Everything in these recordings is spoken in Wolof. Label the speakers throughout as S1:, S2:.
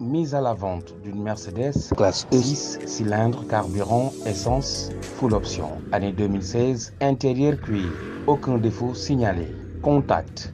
S1: mise à la vente d'une Mercedes classe E 6 cylindres, carburant, essence, full option. Année 2016, intérieur cuir. Aucun défaut signalé. Contact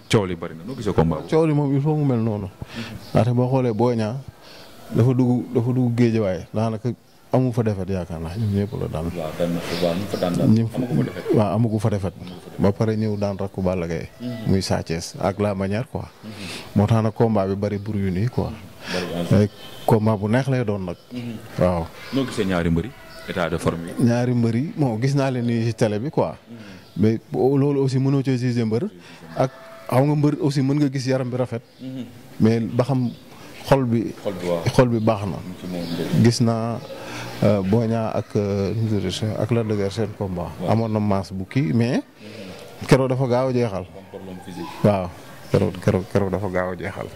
S1: coow li bëri na noo gisee combat
S2: coow li moom il faut mu mel noonu. ndaxte boo xoolee Boy Niang dafa dugg dafa dugg géejewaay daanaka amu fa defet yaakaar naa ñoom ñëpp la daan. waaw daan na fa defet ba pare ñëw daan rakku Balla Gaye muy ak la manière quoi. Mhm. moo tax nag combat bi bëri bur yu nii quoi. Mhm. bu neex lay doon nag. Mhm. waaw.
S1: noo ñaari mbëri état de forme yi.
S2: ñaari mbëri bon gis naa leen nii tele bi quoi. mais loolu aussi mënoo cee gisee mbër ak. xam nga mbeur aussi mën nga gis yaram bi rafet mhm. mais ba xam xol bi xol bi baax na gis naa euh, boña ak euh, ak la dëgër seen combat amoon na mas bu kii mais kero dafa gaaw a jeexal waaw kero kero kero dafa gaaw a jeexal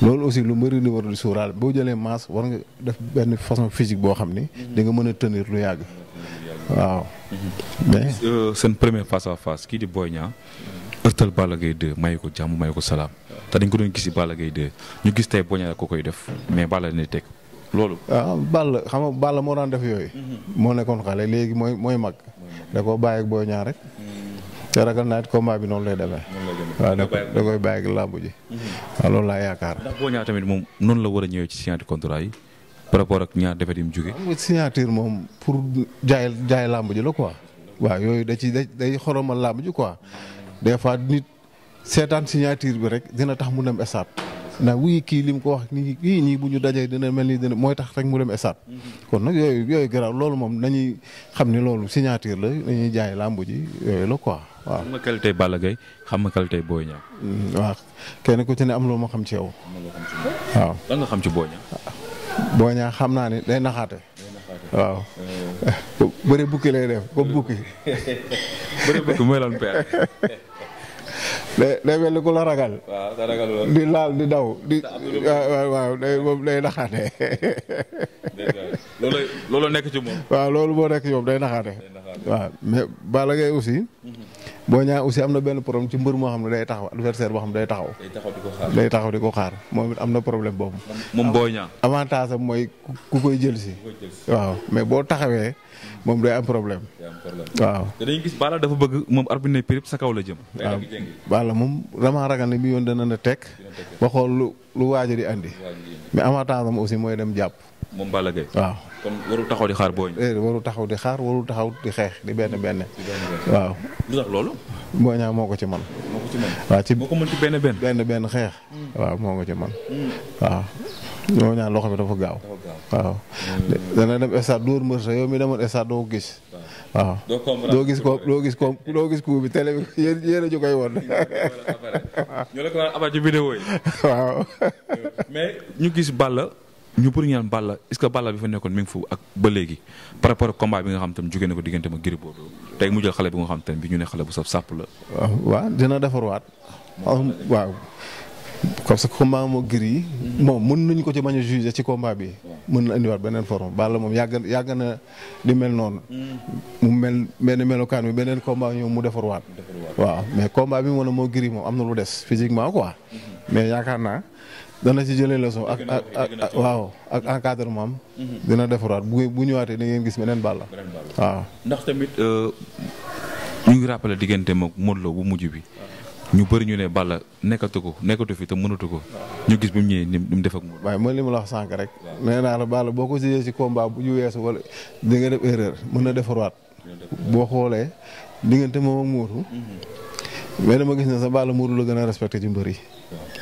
S2: loolu aussi lu mbëri li war di suuraal boo jëlee mas war nga def benn façon physique boo xam ni di nga mën a tenir lu yàgg
S1: waaw mhm. mais euh, seen premier face à face kii di boy ërtal Balla Gaye 2 mayu ko jàmm mayu ko salaam te dañ ko doon gis si Balla Gaye 2 ñu gis tey boña la ko koy def mais Balla ne teg loolu.
S2: waaw ah, Balla xam nga Balla moo daan def yooyu. Mm-hmm. moo nekkoon xale léegi mooy mooy mag. da koo bàyyi ak rek. te ragal naa it noonu lay demee.
S1: waaw da koy da mm-hmm. ah, laa yaakaar. ndax boña tamit moom noonu la war a ñëwee ci signature contrat yi par rapport ak ñaar defet yi mu jógee.
S2: signature moom pour jaay jaay làmb ji la quoi. waa yooyu da ci day xoromal làmb ji quoi. des fois nit seetaan signature bi rek dina tax mu dem esaat ndax wuy kii li mu ko wax nii kii ñii bu ñu dajee dina mel ni dina mooy tax rek mu dem esaat. Mhm. kon nag yooyu yooyu loolu moom nañuy xam ni loolu signature la nañuy jaay làmb ji
S1: yooyu la quoi waaw. xam nga qualité Balla Gaye mm,
S2: waaw kenn ku ci ne am loo ma xam ci yow.
S1: waaw lan xam ci Boy Niang.
S2: xam naa ne day naxaate. waaw. Oh. bukki lay def comme bukki. day day mel ni ku la ragal. ragal di laal di daw di. waaw waaw day moom day naxaate. loolu nekk ci moom. waaw loolu boo nekk ci moom day naxaate. waaw mais Balla Gaye aussi. Mhm. boo Niang aussi am na benn problème ci mbër moo xam ne day taxaw adversaire boo xam ne day taxaw. day taxaw di ko xaar moom it am na problème boobu. moom Boy Niang avantage am mooy ku koy jël si. waaw mais boo taxawee moom day am problème. waaw.
S1: te dañuy dafa bëgg moom arbitre ne pirip la jëm.
S2: waaw moom vraiment ragal ne bi yoon dana na tekk ba xool lu lu waajur yi andi. mais avantage am aussi mooy dem jàpp.
S1: moom Balla Gaye waaw kon taxaw di xaar booy.
S2: Eh, taxaw di xaar warul taxaw di xeex di benn benn. waaw. lu ñaa moo ko ci man moo ko ci man waaw ci moo ko ci benn benn. benn benn xeex. Mm. waaw moo ko ci man mm. waaw. ñoo ñaan loxo bi dafa gaaw. waaw. Mm. dana doo ko gis. waaw doo gis gis ko doo gis ko bi télé bi yéen koy woon. ñoo la ko daan ñu gis
S1: Balla ñu bëri ñaan Balla est-ce que Balla bi fa nekkoon mi ngi fu ak ba léegi par rapport ak combat bi nga xam tam jóge na ko diggante ma Gris Bordeaux tey mu jël xale bi nga xam tam bi ñu ne xale bu saf sàpp la. waaw
S2: dina defarwaat. waaw parce que moo Gris yi. bon mën nañu ko ci bañ a juger ci combat bi. mën na indiwaat beneen forme Balla moom yàgg yàgg na di mel noonu. mu mel benn melokaan bi beneen combat mu defarwaat. waaw mais combat bi moo ne moo Gris moom am na lu des physiquement quoi. mais yaakaar naa. dana ci jëlee leçon ak ak waaw ak encadrement am. Mhm. dina defaraat bu bu ñëwaatee da ngeen gis beneen Balla.
S1: waaw ndax tamit euh, ñu ngi rappelé diggante moom Modou bu mujj bi. ñu bëri ñu ne Balla nekkatu ko nekkatu fi te mënatu ko. ñu gis bi mu ñëwee ni mu def ak moom. waaye mooy li
S2: ma la wax sànq rek. nee naa la boo ko jiyee ci baa bu ñu weesu wala di def erreur mën na defaraat. boo xoolee diggante moom ak Modou. Mhm. mais ma gis ne sa Balla Modou la gën a respecté ci mbër yi.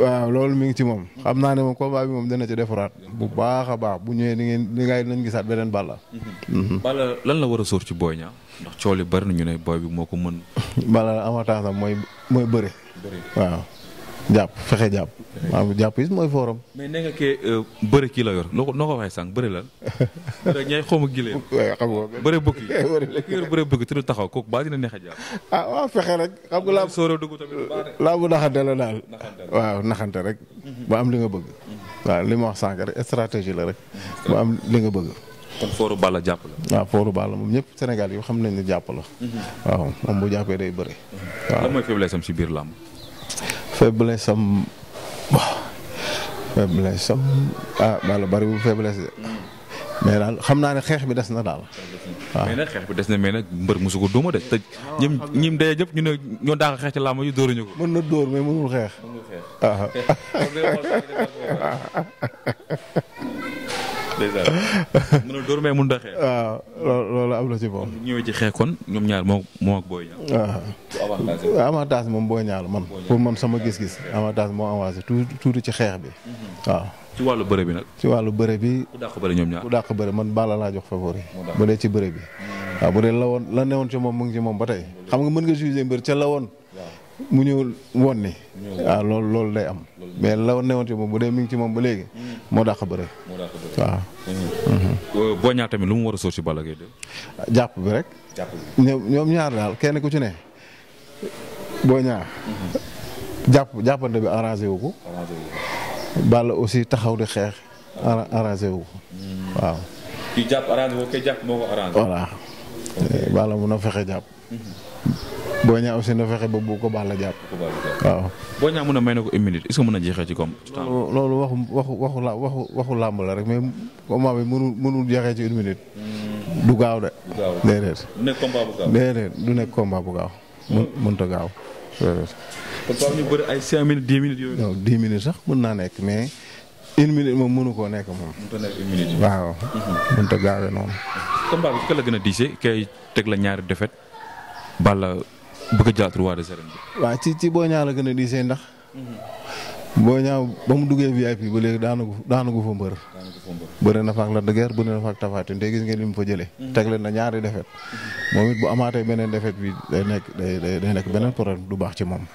S2: waaw loolu mi ngi ci moom xam naa ne moom combat bi moom dana ci defaraat bu baax a baax bu ñëwee ni ngeen ni ngay nañ gisaat beneen Balla
S1: mhm. Balla lan la war a sóor ci Boy Niang ndax cool yi bari nañu ne booy bi moo ko mën
S2: Balla avantage am mooy mooy bëre waaw jàpp fexe jàpp. waaw jàpp it mooy forum.
S1: mais nee nga euh, kii la yor noo noo ko waxee la. xaw ma gilee. xam nga bëre bëgg yi bëre taxaw kooku baa dina neex a
S2: jàpp. ah fexe rek. xam nga laa sooree dugg tamit laa bu naxante la daal. naxante rek. Mhm. am li nga bëgg. Mhm. waaw li ma wax sànq stratégie la rek. ba am li nga bëgg.
S1: kon fooru Balla jàpp
S2: la. Balla moom ñëpp Sénégal yi xam nañ ne jàpp la. Mhm. waaw moom bu jàppee day bëre.
S1: waaw am ci biir làmb
S2: faiblesse am faiblesse am ah bala bariwul faiblesse de mais daal xam naa ne xeex bi des na daal.
S1: waaw mais xeex bi des na mais nag mbër musu ko dóoma de te ñim ñim dee ñëpp ñu ne ñoo daax xeex ci làmb yu dóoruñu ko.
S2: mën na dóor mais mënul mënul xeex mën a dóor mun doxee. Ah,
S1: loolu am na ci moom. ñëwee ci xeex kon ñoom ñaar moo moo ak booy ah.
S2: moom booy ñaar man. pour man sama gis-gis avantage moo avancé tuuti tuuti ci xeex bi mhm. waaw.
S1: ci wàllu bëre bi nag.
S2: ci wàllu bëre bi. ku dàq bëre ñoom ku dàq bëre man Balla laa jox favori. bu dee ci bëre bi. Mhm. waaw bu dee la woon la newoon ci moom mu ngi ci moom ba tey. xam nga mën nga jugé mbir ca la woon. mu ñëwul won ni waaw loolu loolu day am mais la newoon moom bu dee mi ngi ci moom ba léegi moo dàq bëre waaw
S1: euh, Boy Niang tamit lu mu war a sóor ci Balla Gaye
S2: jàpp bi rek ñoom ñaar daal kenn ku ci ne Boy Niang jàpp jàppante bi arrangé wu ko Balla aussi taxaw di xeex arrangé wu ko hmm. waaw
S1: kii arrangé wu ko voilà
S2: Balla mun a fexe jàpp hmm. boo ñaa aussi na fexe ba bu ko baax la jàpp.
S1: waaw. boo ñaa mën a may na ko une minute est-ce que mën a jeexee ci koom.
S2: loolu waxu waxu waxu la waxu waxu làmb rek mais combat mënul mënul jeexee ci une minute. Hmm. du gaaw de. du gaaw déedéet. nekk combat bu bu gaaw. mën mënut a gaaw.
S1: kon faaw ñu bëri ay 5
S2: sax mën naa nekk mais une minute moom mënu koo nekk moom. mënut a nekk une minute. waaw mënut hmm. gaawee noonu.
S1: bëgg a jëlaat roi des arènes
S2: bi. waaw ci ci Boy Niang la gën a diisee ndax. Mhm. Boy Niang ba mu duggee bi ba léegi daanagu daanagu fa mbër. bëri na fa ak Lac de Guiers bëri na ak Tapha Tine te gis ngeen li mu fa jëlee. Mhm. teg leen na ñaari defet. Mhm. moom it bu amaatee beneen defet bi day nekk day day nekk beneen poro du baax ci moom.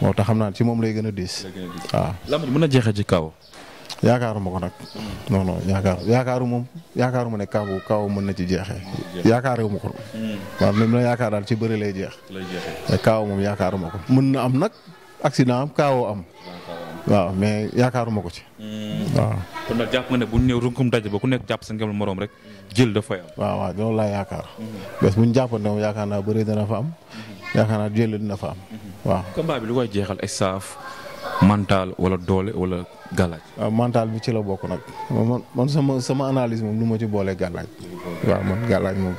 S2: moo tax xam naa ci moom lay gën a diis. waaw. Lamine mën na jeexee ci kaw. yaakaaruma ko nag. non non yaakaar yaakaaru moom yaakaaruma ne kaw kaw mën na ci jeexee. yaakaaruma ko. maanaam hmm. li ma yaakaar daal ci bëri lay jeex. lay jeexee kaw moom yaakaaruma ko. mën na am nag accident am kaawoo am. waaw mais yaakaaruma ko ci. Hmm. waaw.
S1: kon nag jàpp ne bu ñu ñëw runkum daj ku nekk jàpp sa ngëm morom rek jël dafa am. waaw waaw loolu laa yaakaar. Hmm.
S2: bés bu ñu jàppoon ne moom yaakaar naa bëri dana fa am. yaakaar naa jël dina fa am.
S1: waaw. combat bi mantaal wala doole wala gàllaaj.
S2: waaw ah, mental bi ci la bokk nag man man sama sama analyse moom lu ma ci boolee gàllaaj. waaw man gàllaaj moom.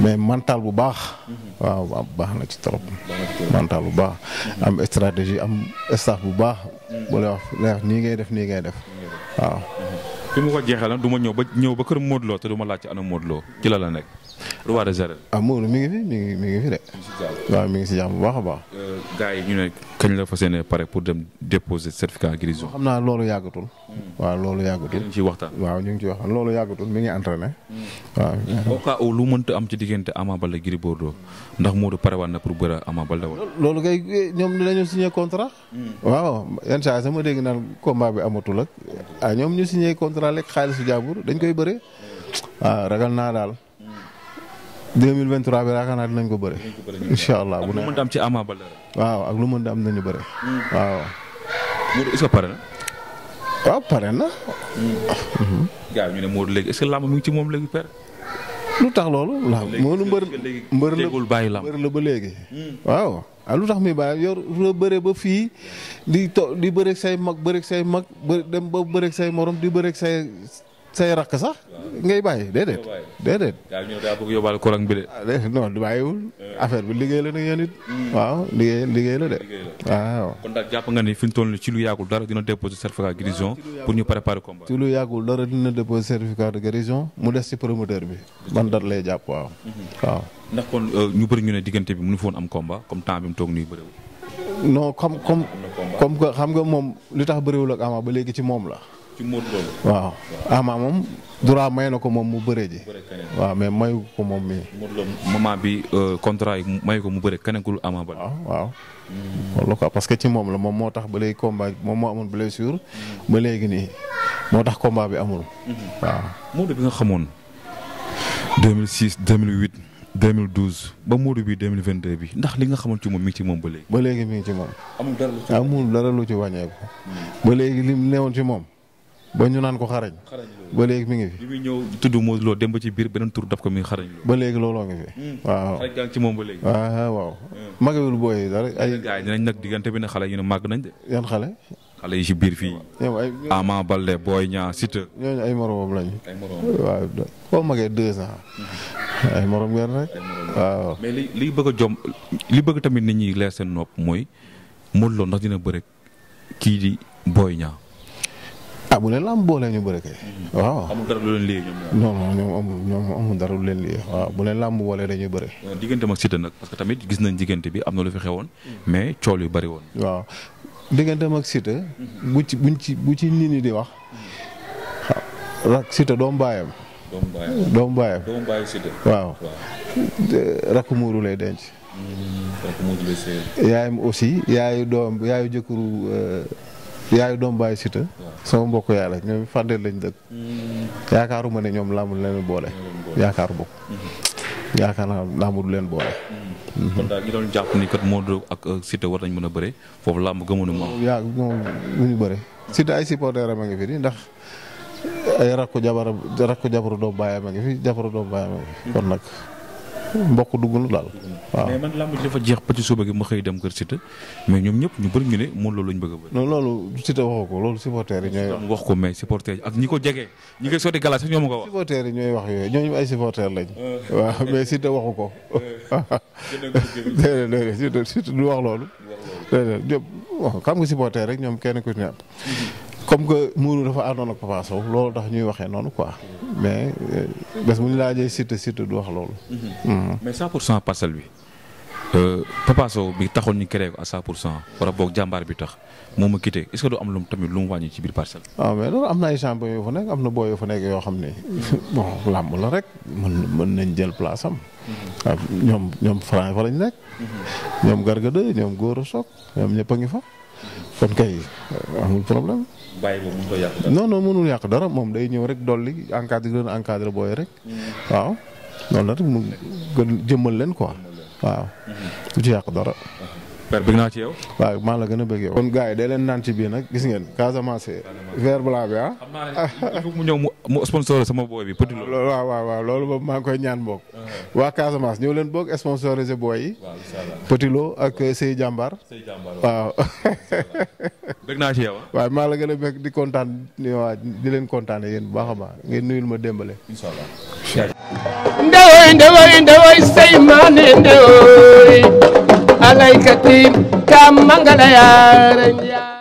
S2: mais mantaal bu baax. waaw baax na ci trop. mental bu baax. am stratégie am staff bu baax. bu lay wax nii ngay def nii ngay def waaw.
S1: fi mu ko jeexee la du ma ñëw ba ñëw ba kër Modou Lo te du ma laaj ci ana Modou ci la la nekk. lu war a
S2: mi ngi fi mi ngi mi ngi
S1: fi de. waaw mi ngi si jàmm bu baax a baax. Euh, gars yi ne kañ la fas yéene pare pour dem déposer certificat guérison.
S2: xam naa loolu yàggatul. Hmm.
S1: waaw loolu yàggatul. ñu ngi ciy waxtaan waaw ñu ngi ciy waxtaan loolu yàggatul mi ngi entraîné. Hmm. waaw. au cas où lu mënta am ci diggante Ama Baldé Gris Bordeaux ndax Modou parewaat na pour bëre Ama Baldé loolu kay ñoom dinañu signé contrat. Hmm.
S2: waaw yenn saa dégg naan combat bi amatul ak ah, ñoom ñu signé contrat lekk xaalisu jàmbur dañ koy bëre waaw ah, ragal naa daal 2023 bi yaakaar naa dinañ ko bëre.
S1: incha allah bu ne ak lu mën am ci
S2: waaw ak lu mën am nañu bëre. Hmm. waaw.
S1: Modou na. waaw pare na.
S2: Hmm.
S1: gars ñu ci moom léegi père. lu tax loolu. la Modou mbër la la
S2: ba léegi. Hmm. Ah, tax muy bàyyi yor la bëre ba fii di to di bëreeg say mag bëreeg say mag dem ba bëreeg say morom di bëreeg say say rakk sax ngay bàyyi déedéet. déedéet yaa ñëw daa bëgg yóbbaale courant bi de. Ah, non du eh.
S1: bi liggéey la nag yéen it. Hmm. waaw liggéey liggéey la de. waaw kon nga ni fi ñu toll ci lu yàggul dara dina déposer certificat de guérison ah, pour ñu préparer combat.
S2: ci lu yàggul dara dina déposer certificat de guérison mu des ci promoteur bi. ban dara lay jàpp waaw. Hmm.
S1: waaw ndax kon euh, ñu bëri ñu ne diggante bi mënu fa woon am combat comme temps bi mu toog nii bëriwul.
S2: non comme comme comme que xam nga moom li tax bëriwul ak Ama ba léegi ci moom la ci Modou Lo waaw Ama ah, moom droit may na ko moom mu bëree ji. waaw mais mayu ko moom mii.
S1: Modou Lo moment bi euh, contrat yi mayu ko mu bëree keneen ku Ama Baldé. waaw
S2: waaw. ko parce que ci moom la moom moo tax ba léegi combat moom moo amoon blessure. ba léegi nii moo tax combat bi amul. Mhm.
S1: waaw bi nga xamoon 2006 2008 2012 ba Modou bi 2022 bi ndax li nga xamoon ci moom mii ci moom ba léegi.
S2: ba léegi mi ngi ci moom. amul dara lu ci ci wàññeeku. Mm. ba léegi lim newoon ci moom.
S1: ba ñu naan ko xarañ. ba léegi mi ngi fi. bi muy ñëw tudd Modou dem ba ci biir beneen tur daf ko muy xarañ.
S2: ba léegi looloo ngi fi. Hmm. waaw xarañ moom ba léegi. Ah, ah,
S1: waaw waaw. Hmm. magawul booy dara ay. dinañ nag diggante bi ne xale yi ne màgg nañ de. xale. xale yi ci biir fii. ñoom ay Ama Baldé Boy Niang Siteu. ñooñu ay moromam lañ. ay moromam
S2: waaw koo magee deux ans.
S1: Hmm. ay morom mais li li bëgg bëgg tamit nit ñi leer seen nopp mooy Modou Lo ndax dina bëre kii di Boy Niang
S2: ah bu leen làmb boolee ñu bëri kay.
S1: waaw amul dara leen lii
S2: amul dara lu leen lii waaw bu leen làmb boolee dañuy bëri.
S1: Euh, diggante mag Siteu nag parce que tamit gis nañ diggante bi am na lu fi xewoon. mais cool yu bëri woon. waaw
S2: diggante mag Siteu. bu ci buñ ci bu ci nit ñi di wax. waaw ah, rak doomu baayam. doomu baayam doomu baayam. doomu baayu waaw rakk muuru lay denc. Hmm, rakk yaayam aussi yaayu doom yaayu jëkkëru. Euh, yaayu doom bàyyi Siteu sama mbokk yaay la ñoom fàddeel lañ dëkk mm. ma ne ñoom làmb leen boole yaakaar bokk mm-hmm. yaakaar naa làmb du leen boole mm.
S1: mm-hmm. kon daal ñu doon jàpp ni kat Modou ak Siteu war nañ mën a bëre foofu làmb gëmoonu ma
S2: yaa moom lu ñu bëre Siteu ay supporter am a ngi fi di ndax ay rakku jabar rakku jabaru doom bàyyi a ngi fi jabaru doom bàyyi a ngi fi kon nag mbokk duggul daal
S1: waaw. mais man làmb ji dafa jeex ba ci suba gi ma xëy dem kër Siteu mais ñoom ñëpp ñu bëri ñu ne loolu Lo lañ bëgg a bëri. loolu Siteu waxu ko loolu supporters yi ñooy. wax ko mais supporters ak ñi ko jege ñi koy sotti galaas ñoom ko
S2: wax. supporters yi ñooy wax yooyu ñooñu ay supporters lañ. Euh. waaw mais Siteu waxu ko. Euh. déedéet déedéet Siteu Siteu du wax loolu. déedéet ñoom xam nga supporters rek ñoom kenn ku ci ne mm-hmm. comme que muuru dafa àndoon ak Papa loolu tax ñuy waxee noonu quoi mais euh, bés bu ñu laajee Siteu Siteu du wax loolu.
S1: Mm-hmm. Mm-hmm. mais 100 pour cent bi euh, Papa Sow bi taxoon ñu créé ko à 100 pour cent wala boog jàmbaar bi tax moo ma quitté est que du am lu tamit lu wàññi ci biir parcelle.
S2: waaw ah, mais loolu am na ay champion yoo fa nekk am na boo yoo fa nekk yoo xam ne bon làmb la rek mën nañ jël place am.
S1: waaw mm-hmm. ah, ñoom
S2: ñoom Franc fa lañ nekk. ñoom Garga 2 ñoom a Sock ñoom ñëpp a fa. kon kay amul problème.
S1: bàyyi moom mënul yàq dara
S2: mënul yàq dara moom day ñëw rek dolli encadré leen encadré booy rek. Mm. waaw noonu la rek mu jëmmal leen ko waaw du ci yàq dara. père bëgg naa ci yow. waaw maa gën a bëgg yow. kon gars yi day leen naan ci biir nag gis ngeen Casamance. vert blanc bi ah. mu ñëw mu sponsor sama booy bi petit loolu. waaw waaw waaw loolu boobu maa ngi koy ñaan boog. waa Casamance ñëw leen boog sponsorisé booy yi. waaw petit lo ak Sey Jàmbaar. Sey Jàmbaar waaw. bëgg naa ci yow. waaw maa la gën a bëgg di kontaan waa di leen kontaane yéen bu baax a baax ngeen nuyul ma démbale. incha allah. ndewoy ndewoy ndewoy alayka tiim kaam mangala yaaran yaa